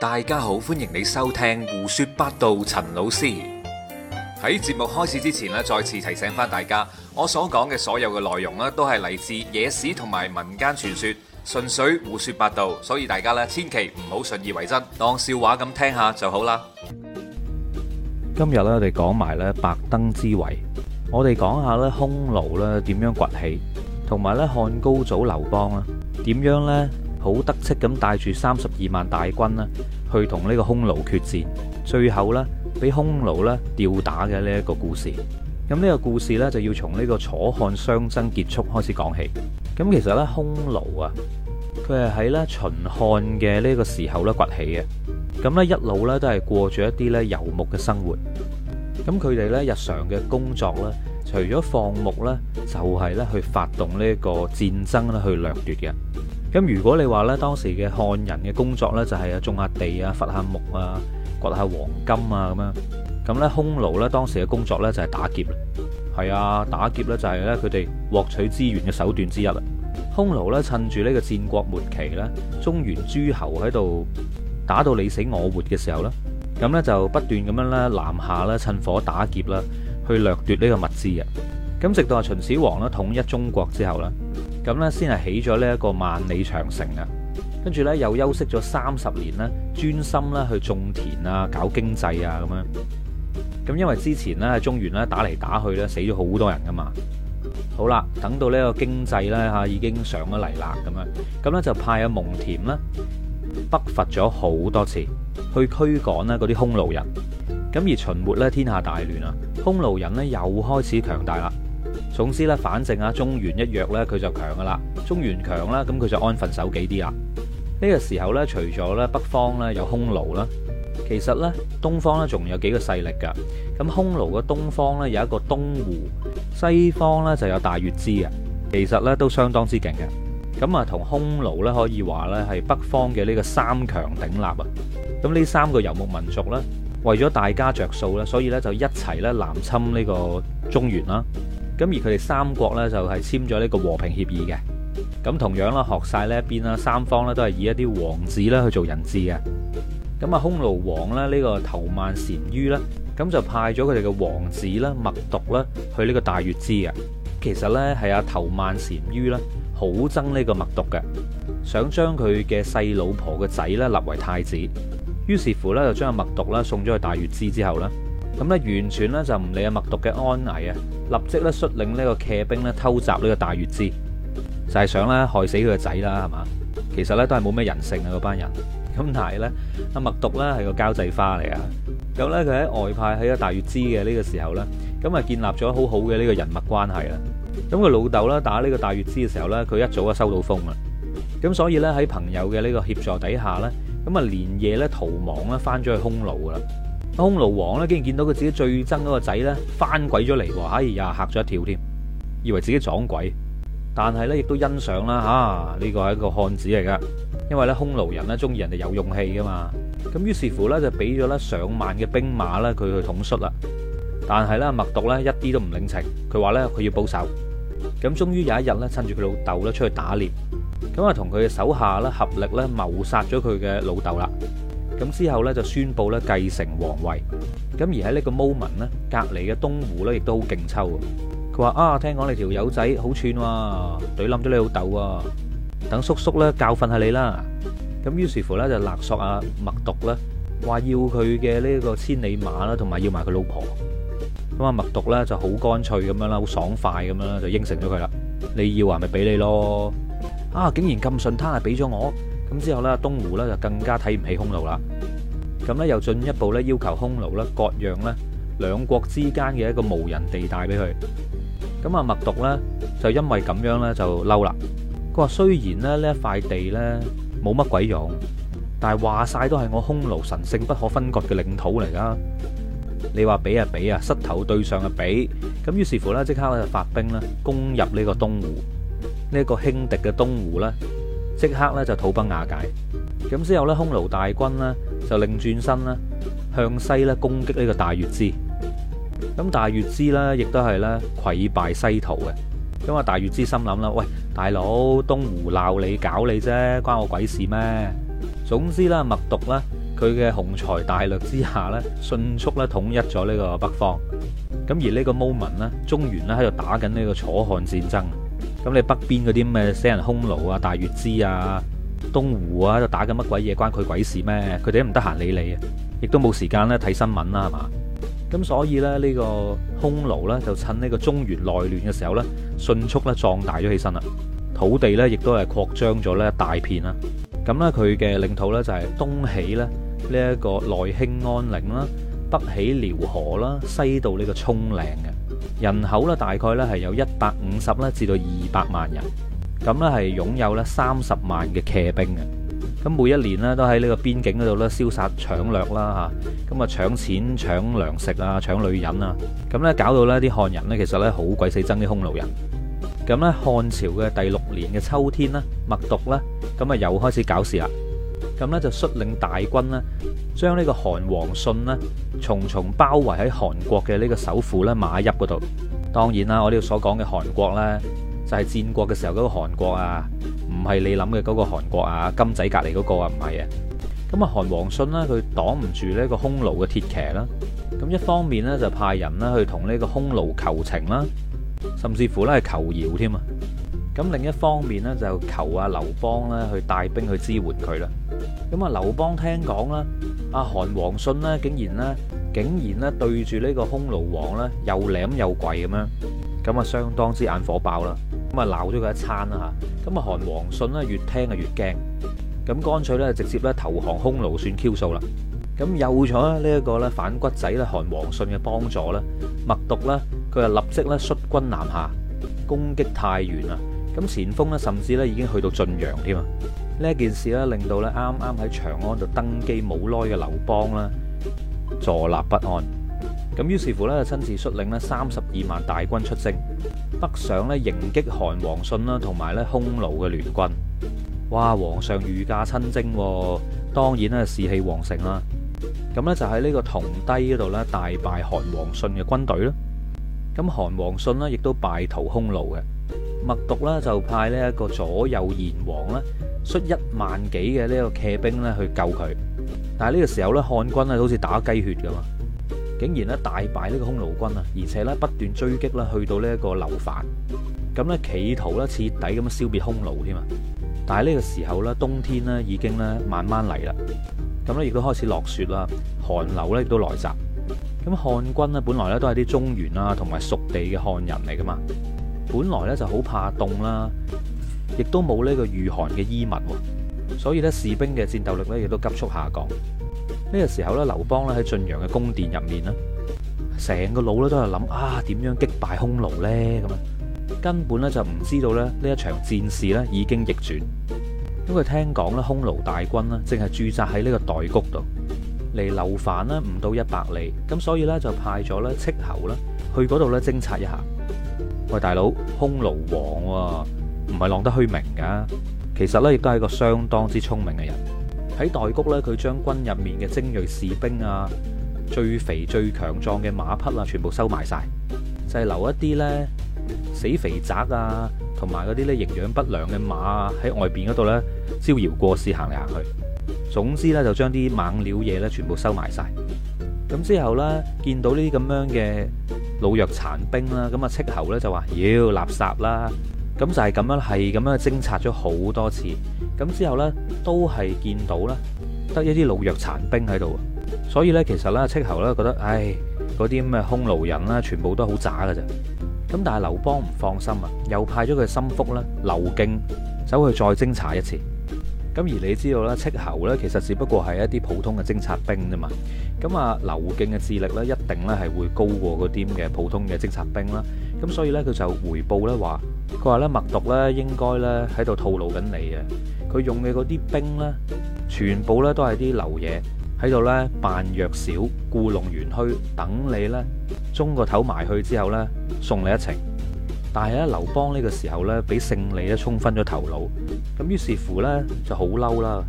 大家好，歡迎你收聽胡說八道。陳老師喺節目開始之前咧，再次提醒翻大家，我所講嘅所有嘅內容咧，都係嚟自野史同埋民間傳說，純粹胡說八道，所以大家咧千祈唔好信以為真，當笑話咁聽下就好啦。今日咧，我哋講埋咧白登之圍，我哋講下咧匈奴咧點樣崛起，同埋咧漢高祖劉邦啊點樣咧。好得戚咁帶住三十二萬大軍去同呢個匈奴決戰，最後呢，俾匈奴吊打嘅呢一個故事。咁、這、呢個故事呢，就要從呢個楚漢相爭結束開始講起。咁其實呢，匈奴啊，佢係喺呢秦漢嘅呢個時候呢崛起嘅。咁呢一路呢，都係過住一啲呢游牧嘅生活。咁佢哋呢日常嘅工作呢，除咗放牧呢，就係、是、呢去發動呢個戰爭去掠奪嘅。咁如果你話呢，當時嘅漢人嘅工作呢，就係種下地啊、伐下木啊、掘下黃金啊咁樣，咁呢匈奴呢，當時嘅工作呢，就係打劫啦。係啊，打劫呢，就係呢佢哋獲取資源嘅手段之一啦。匈奴呢，趁住呢個戰國末期呢，中原諸侯喺度打到你死我活嘅時候呢，咁呢，就不斷咁樣呢南下啦，趁火打劫啦，去掠奪呢個物資啊。咁直到阿秦始皇咧，統一中國之後呢，咁呢，先係起咗呢一個萬里長城啊。跟住呢又休息咗三十年呢，專心咧去種田啊，搞經濟啊咁樣。咁因為之前呢喺中原咧打嚟打去呢死咗好多人㗎嘛。好啦，等到呢個經濟呢吓已經上咗嚟啦咁樣，咁咧就派阿蒙恬呢北伐咗好多次去驅趕咧嗰啲匈奴人。咁而秦末呢，天下大亂啊，匈奴人呢又開始強大啦。總之咧，反正啊，中原一弱咧，佢就強噶啦。中原強啦，咁佢就安分守己啲啦。呢、這個時候咧，除咗咧北方咧有匈奴啦，其實咧東方咧仲有幾個勢力噶。咁匈奴嘅東方咧有一個東胡，西方咧就有大月氏啊。其實咧都相當之勁嘅。咁啊，同匈奴咧可以話咧係北方嘅呢個三強鼎立啊。咁呢三個游牧民族咧，為咗大家着數咧，所以咧就一齊咧南侵呢個中原啦。咁而佢哋三國呢，就係簽咗呢個和平協議嘅。咁同樣啦，學晒呢一邊啦，三方咧都係以一啲王子咧去做人質嘅。咁啊，匈奴王咧呢、這個頭曼單于呢，咁就派咗佢哋嘅王子啦，冒頓啦，去呢個大月氏嘅。其實呢，係阿、啊、頭曼單于呢，好憎呢個冒頓嘅，想將佢嘅細老婆嘅仔呢立為太子。於是乎呢，就將阿冒頓啦送咗去大月氏之後呢。咁咧完全咧就唔理阿麥毒嘅安危啊，立即咧率領呢個騎兵咧偷襲呢個大月支，就係、是、想咧害死佢個仔啦，係嘛？其實咧都係冇咩人性啊，嗰班人。咁但係咧，阿麥毒咧係個交際花嚟呀。咁咧佢喺外派喺個大月支嘅呢個時候咧，咁啊建立咗好好嘅呢個人脈關係啦。咁佢老豆呢打呢個大月支嘅時候咧，佢一早就收到風啦，咁所以咧喺朋友嘅呢個協助底下咧，咁啊連夜咧逃亡咧翻咗去匈奴啦。匈奴王咧，竟然見到佢自己最憎嗰個仔呢翻鬼咗嚟喎！唉，呀嚇咗一跳添，以為自己撞鬼。但係呢，亦都欣賞啦嚇，呢個係一個漢子嚟噶，因為呢匈奴人呢中意人哋有勇氣噶嘛。咁於是乎呢，就俾咗呢上萬嘅兵馬呢，佢去統率啦。但係呢，麥毒呢一啲都唔領情，佢話呢，佢要保守。咁終於有一日呢，趁住佢老豆呢出去打獵，咁啊同佢嘅手下呢合力呢，謀殺咗佢嘅老豆啦。咁之後咧就宣布咧繼承皇位。咁而喺呢個 moment 咧隔離嘅東胡咧，亦都好勁抽啊！佢話啊，聽講你條友仔好串喎，懟冧咗你老豆啊！等叔叔咧教訓下你啦。咁於是乎咧就勒索阿冒頓啦，話要佢嘅呢個千里馬啦，同埋要埋佢老婆。咁啊，冒頓咧就好乾脆咁樣啦，好爽快咁樣啦，就應承咗佢啦。你要啊，咪俾你咯！啊，竟然咁順攤係，俾咗我。咁之後咧，東湖咧就更加睇唔起匈奴啦。咁咧又進一步咧要求匈奴咧割讓咧兩國之間嘅一個無人地帶俾佢。咁啊，冒頓咧就因為咁樣咧就嬲啦。佢話雖然咧呢一塊地咧冇乜鬼用，但係話曬都係我匈奴神聖不可分割嘅領土嚟噶。你話俾啊俾啊，膝頭對上啊俾。咁於是乎咧即刻咧發兵咧攻入呢個東湖，呢一個輕敵嘅東湖咧。即刻咧就土崩瓦解，咁之後咧匈奴大軍咧就另轉身咧向西咧攻擊呢個大月支，咁大月支咧亦都係咧潰敗西逃嘅。咁啊大月支心諗啦，喂大佬東胡鬧你搞你啫，關我鬼事咩？總之啦，冒頓啦佢嘅雄才大略之下咧，迅速咧統一咗呢個北方。咁而呢個 moment 咧，中原咧喺度打緊呢個楚漢戰爭。咁你北邊嗰啲咩死人匈奴啊、大月支啊、東湖啊，打緊乜鬼嘢關佢鬼事咩？佢哋都唔得閒理你啊，亦都冇時間咧睇新聞啦，係嘛？咁所以咧呢個匈奴咧就趁呢個中原內亂嘅時候咧，迅速咧壯大咗起身啦，土地咧亦都係擴張咗咧一大片啦。咁咧佢嘅領土咧就係東起咧呢一個內興安嶺啦，北起遼河啦，西到呢個蔥嶺嘅人口咧大概咧係有一百十咧至到二百萬人，咁咧係擁有咧三十萬嘅騎兵嘅，咁每一年咧都喺呢個邊境嗰度咧燒殺搶掠啦嚇，咁啊搶錢搶糧食啊搶女人啊，咁咧搞到呢啲漢人咧其實咧好鬼死憎啲匈奴人，咁咧漢朝嘅第六年嘅秋天呢，冒頓咧，咁啊又開始搞事啦，咁咧就率領大軍呢，將呢個韓王信呢重重包圍喺韓國嘅呢個首府咧馬邑嗰度。當然啦，我呢度所講嘅韓國呢，就係戰國嘅時候嗰個韓國啊，唔係你諗嘅嗰個韓國啊，金仔隔離嗰個啊，唔係啊。咁啊，韓王信呢，佢擋唔住呢個匈奴嘅鐵騎啦。咁一方面呢，就派人呢去同呢個匈奴求情啦，甚至乎呢係求饒添啊。咁另一方面呢，就求阿劉邦呢去帶兵去支援佢啦。咁啊，劉邦聽講啦，阿韓王信呢，竟然呢。竟然咧對住呢個匈奴王咧又舐又跪咁樣，咁啊相當之眼火爆啦，咁啊鬧咗佢一餐啦吓，咁啊韓王信咧越聽啊越驚，咁乾脆咧直接咧投降匈奴算 Q 數啦，咁有咗呢一個咧反骨仔咧韓王信嘅幫助咧，墨毒咧佢啊立即咧率軍南下攻擊太原啊，咁前鋒咧甚至咧已經去到晉陽添啊，呢一件事咧令到咧啱啱喺長安度登基冇耐嘅劉邦啦。坐立不安，咁於是乎咧，親自率領呢三十二萬大軍出征，北上呢迎擊韓王信啦，同埋咧匈奴嘅聯軍。哇，皇上御駕親征，當然咧士氣旺盛啦。咁呢，就喺呢個銅鞮嗰度呢大敗韓王信嘅軍隊啦。咁韓王信呢，亦都敗逃匈奴嘅。冒頓呢，就派呢一個左右賢王呢，率一萬幾嘅呢個騎兵呢，去救佢。但係呢個時候咧，漢軍咧好似打雞血噉啊，竟然咧大敗呢個匈奴軍啊，而且咧不斷追擊啦，去到呢一個流犯，咁咧企圖咧徹底咁樣消滅匈奴添啊！但係呢個時候咧，冬天咧已經咧慢慢嚟啦，咁咧亦都開始落雪啦，寒流咧亦都來襲。咁漢軍咧，本來咧都係啲中原啊同埋屬地嘅漢人嚟噶嘛，本來咧就好怕凍啦，亦都冇呢個御寒嘅衣物。所以咧，士兵嘅戰鬥力咧，亦都急速下降。呢個時候咧，劉邦咧喺晉陽嘅宮殿入面咧，成個腦咧都係諗啊，點樣擊敗匈奴咧？咁啊，根本咧就唔知道咧呢一場戰事咧已經逆轉。因為聽講咧，匈奴大軍呢正係駐紮喺呢個代谷度，離劉范呢唔到一百里。咁所以咧就派咗咧戚侯啦去嗰度咧偵察一下。喂，大佬，匈奴王啊，唔係浪得虛名噶。其實咧，亦都係個相當之聰明嘅人。喺代谷咧，佢將軍入面嘅精銳士兵啊，最肥最強壯嘅馬匹啊，全部收埋晒，就係、是、留一啲咧死肥宅啊，同埋嗰啲咧營養不良嘅馬啊，喺外邊嗰度咧招搖過市行嚟行去。總之咧，就將啲猛料嘢咧全部收埋晒。咁之後咧，見到呢啲咁樣嘅老弱殘兵啦、啊，咁啊斥候咧就話：妖垃圾啦！咁就係咁樣，係咁樣偵察咗好多次，咁之後呢，都係見到呢得一啲老弱殘兵喺度，所以呢，其實呢，戚侯呢覺得，唉，嗰啲咁嘅匈奴人呢，啊，全部都好渣㗎啫。咁但係劉邦唔放心啊，又派咗佢心腹呢劉敬走去再偵察一次。咁而你知道咧，斥候咧其實只不過係一啲普通嘅偵察兵啫嘛。咁啊，劉敬嘅智力咧，一定咧係會高過嗰啲咁嘅普通嘅偵察兵啦。咁所以咧，佢就回報咧話：佢話咧冒頓咧應該咧喺度套路緊你啊。佢用嘅嗰啲兵咧，全部咧都係啲流嘢，喺度咧扮弱小，故弄玄虛，等你咧中個頭埋去之後咧，送你一程。但係咧，劉邦呢個時候咧，俾勝利咧沖昏咗頭腦，咁於是乎咧就好嬲啦，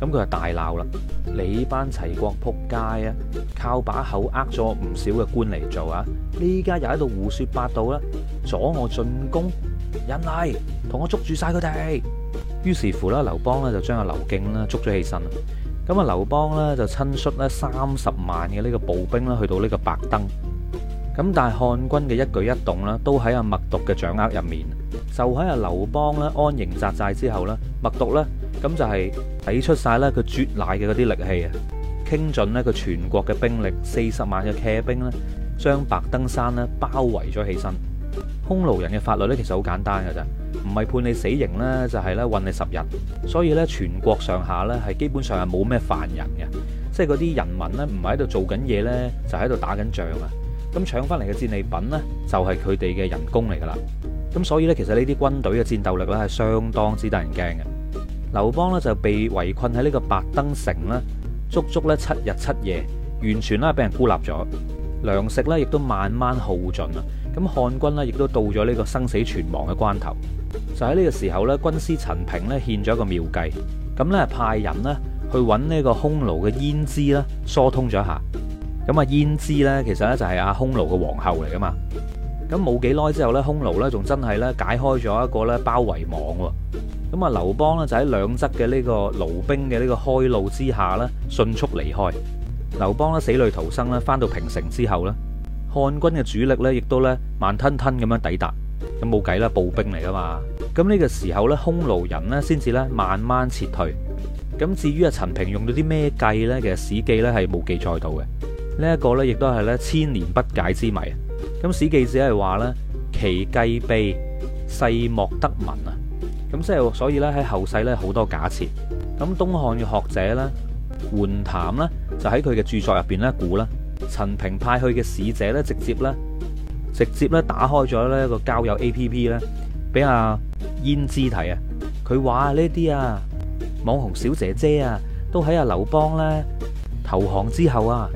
咁佢就大鬧啦。你班齊國撲街啊，靠把口呃咗唔少嘅官嚟做啊，呢家又喺度胡說八道啦，阻我進攻！人嚟，同我捉住晒佢哋。於是乎咧，劉邦咧就將阿劉敬咧捉咗起身，咁啊，劉邦咧就親率咧三十萬嘅呢個步兵咧去到呢個白登。咁但係漢軍嘅一舉一動咧，都喺阿冒頓嘅掌握入面。就喺阿劉邦咧安營紮寨之後咧，冒頓咧咁就係睇出曬咧佢啜奶嘅嗰啲力氣啊，傾盡咧佢全國嘅兵力四十萬嘅騎兵咧，將白登山咧包圍咗起身。匈奴人嘅法律咧其實好簡單㗎，咋唔係判你死刑咧就係咧韞你十日，所以咧全國上下咧係基本上係冇咩犯人嘅，即係嗰啲人民咧唔係喺度做緊嘢咧就喺度打緊仗啊。咁搶返嚟嘅戰利品呢，就係佢哋嘅人工嚟㗎喇。咁所以呢，其實呢啲軍隊嘅戰鬥力呢，係相當之得人驚嘅。劉邦呢，就被圍困喺呢個白登城呢，足足呢七日七夜，完全呢畀人孤立咗，糧食呢，亦都慢慢耗盡啦。咁漢軍呢，亦都到咗呢個生死存亡嘅關頭。就喺呢個時候呢，軍師陳平呢獻咗一個妙計，咁呢，派人呢去揾呢個匈奴嘅胭脂呢，疏通咗一下。咁啊，閼氏咧，其實咧就係阿匈奴嘅皇后嚟噶嘛。咁冇幾耐之後咧，匈奴咧仲真係咧解開咗一個咧包圍網。咁啊，劉邦呢，就喺兩側嘅呢個弩兵嘅呢個開路之下咧，迅速離開。劉邦呢死裏逃生咧，返到平城之後咧，漢軍嘅主力咧亦都咧慢吞吞咁樣抵達。咁冇計啦，步兵嚟噶嘛。咁、這、呢個時候咧，匈奴人呢先至咧慢慢撤退。咁至於阿陳平用咗啲咩計咧，其實《史記》咧係冇記載到嘅。呢一個咧，亦都係咧千年不解之謎啊！咁史記只係話咧，其計秘，世莫得聞啊！咁即係所以咧，喺後世咧好多假設。咁東漢嘅學者咧，桓譚咧就喺佢嘅著作入邊咧估啦。陳平派去嘅使者咧，直接咧，直接咧打開咗呢個交友 A P P 咧，俾阿閼氏睇啊！佢話呢啲啊，網紅小姐姐啊，都喺阿劉邦咧投降之後啊。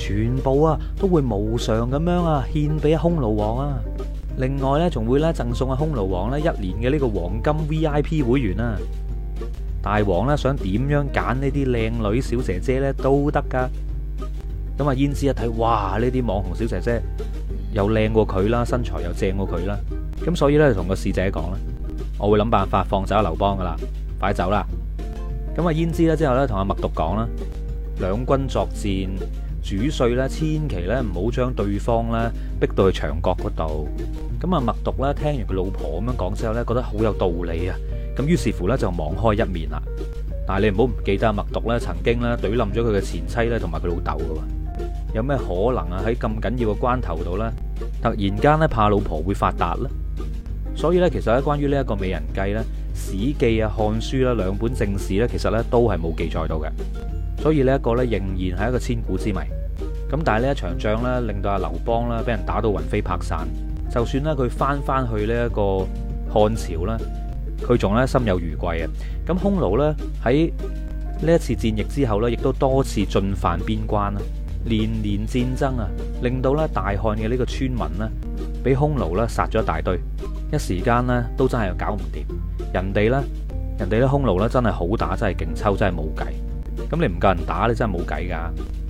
全部啊都會無償咁樣啊獻俾啊匈奴王啊。另外咧仲會咧贈送啊匈奴王咧一年嘅呢個黃金 VIP 會員啊。大王咧想點樣揀呢啲靚女小姐姐咧都得噶。咁啊，胭脂一睇，哇呢啲網紅小姐姐又靚過佢啦，身材又正過佢啦。咁所以咧同個侍者講啦，我會諗辦法放走阿劉邦噶啦，快走啦。咁啊，胭脂呢，之後呢，同阿麥毒講啦，兩軍作戰，主帥咧，千祈咧唔好將對方咧逼到去牆角嗰度。咁啊，冒頓咧聽完佢老婆咁樣講之後咧，覺得好有道理啊。咁於是乎咧就網開一面啦。但係你唔好唔記得啊，冒頓咧曾經咧懟冧咗佢嘅前妻咧同埋佢老豆嘅喎。有咩可能啊？喺咁緊要嘅關頭度咧，突然間咧怕老婆會發達咧。所以咧，其實咧關於呢一個美人計咧，《史記》啊，《漢書》啦兩本正史咧，其實咧都係冇記載到嘅。所以呢一個咧仍然係一個千古之謎。咁但係呢一場仗呢，令到阿劉邦呢俾人打到魂飛魄散。就算呢，佢翻翻去呢一個漢朝呢，佢仲呢心有餘悸啊。咁匈奴呢，喺呢一次戰役之後呢，亦都多次進犯邊關啦。連連戰爭啊，令到呢大漢嘅呢個村民呢，俾匈奴呢殺咗一大堆。一時間呢，都真係搞唔掂人哋呢，人哋啲匈奴呢真係好打，真係勁抽，真係冇計。咁你唔夠人打，你真係冇計噶。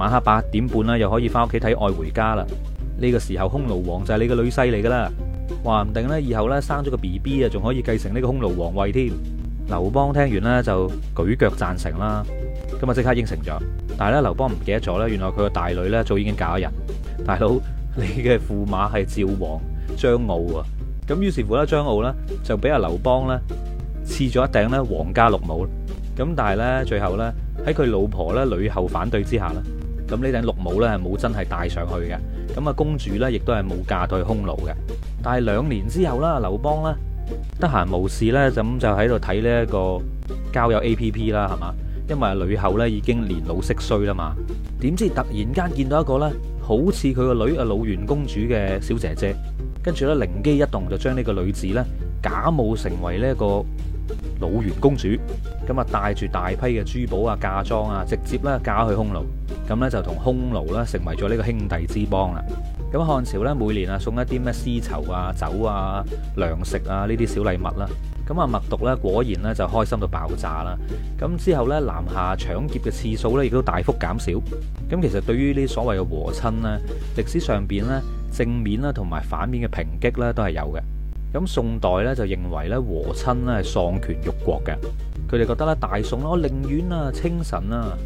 晚黑八點半啦，又可以翻屋企睇《愛回家》啦。呢個時候，匈奴王就係你個女婿嚟噶啦。話唔定呢，以後呢生咗個 B B 啊，仲可以繼承呢個匈奴王位添。劉邦聽完呢，就舉腳贊成啦。咁啊，即刻應承咗。但係咧，劉邦唔記得咗咧，原來佢個大女呢，早已經嫁咗人。大佬，你嘅駙馬係趙王張敖啊。咁於是乎呢，張敖呢，就俾阿劉邦呢，賜咗一頂呢皇家綠帽。咁但係呢，最後呢，喺佢老婆呢，呂后反對之下呢。咁呢頂綠帽咧，係冇真係戴上去嘅。咁啊，公主咧，亦都係冇嫁到去匈奴嘅。但係兩年之後啦，劉邦咧得閒無事咧，咁就喺度睇呢一個交友 APP 啦，係嘛？因為呂后咧已經年老色衰啦嘛，點知突然間見到一個咧好似佢個女啊，魯元公主嘅小姐姐，跟住咧靈機一動就將呢個女子咧假冒成為呢一個。魯元公主。咁啊，帶住大批嘅珠寶啊、嫁妝啊，直接咧嫁去匈奴，咁咧就同匈奴咧成為咗呢個兄弟之邦啦。咁漢朝咧每年啊送一啲咩絲綢啊、酒啊、糧食啊呢啲小禮物啦，咁啊冒頓咧果然咧就開心到爆炸啦。咁之後咧南下搶劫嘅次數咧亦都大幅減少。咁其實對於呢所謂嘅和親呢，歷史上邊呢，正面啦同埋反面嘅抨擊呢，都係有嘅。咁宋代咧就認為咧和親咧係喪權辱國嘅，佢哋覺得咧大宋我寧願啊稱臣啊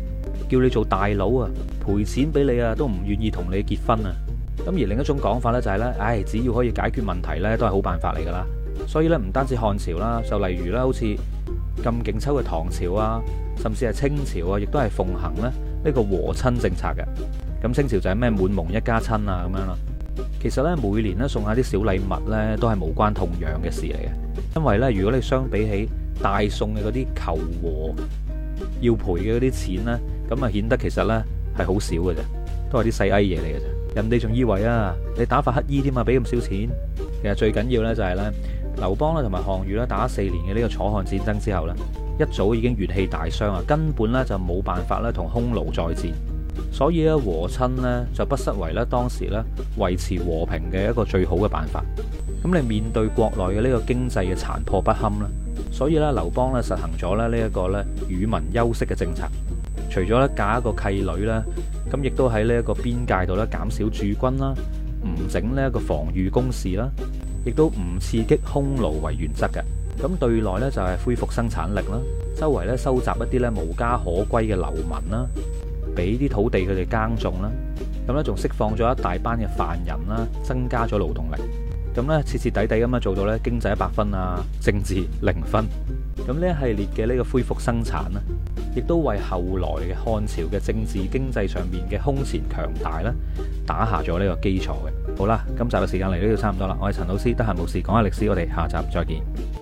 叫你做大佬啊，賠錢俾你啊，都唔願意同你結婚啊。咁而另一種講法咧就係、是、咧，唉、哎，只要可以解決問題咧，都係好辦法嚟㗎啦。所以咧，唔單止漢朝啦，就例如咧，好似咁勁抽嘅唐朝啊，甚至係清朝啊，亦都係奉行咧呢個和親政策嘅。咁清朝就係咩滿蒙一家親啊咁樣啦。其實咧，每年咧送下啲小禮物咧，都係無關痛癢嘅事嚟嘅。因為咧，如果你相比起大宋嘅嗰啲求和要賠嘅嗰啲錢呢，咁啊顯得其實呢係好少嘅啫，都係啲細埃嘢嚟嘅啫。人哋仲以為啊，你打發乞衣添嘛，俾咁少錢。其實最緊要呢就係呢，劉邦咧同埋項羽咧打四年嘅呢個楚漢戰爭之後呢一早已經元氣大傷啊，根本呢就冇辦法咧同匈奴再戰。所以咧和親呢就不失為咧當時咧維持和平嘅一個最好嘅辦法。咁你面對國內嘅呢個經濟嘅殘破不堪啦，所以咧劉邦咧實行咗咧呢一個咧與民休息嘅政策，除咗咧嫁一個契女啦，咁亦都喺呢一個邊界度咧減少駐軍啦，唔整呢一個防御工事啦，亦都唔刺激匈奴為原則嘅。咁對內咧就係恢復生產力啦，周圍咧收集一啲咧無家可歸嘅流民啦。俾啲土地佢哋耕種啦，咁咧仲釋放咗一大班嘅犯人啦，增加咗勞動力，咁咧徹徹底底咁樣做到咧經濟一百分啊，政治零分，咁呢一系列嘅呢個恢復生產呢，亦都為後來嘅漢朝嘅政治經濟上面嘅空前強大啦打下咗呢個基礎嘅。好啦，今集嘅時間嚟到都差唔多啦，我係陳老師，得閒無事講下歷史，我哋下集再見。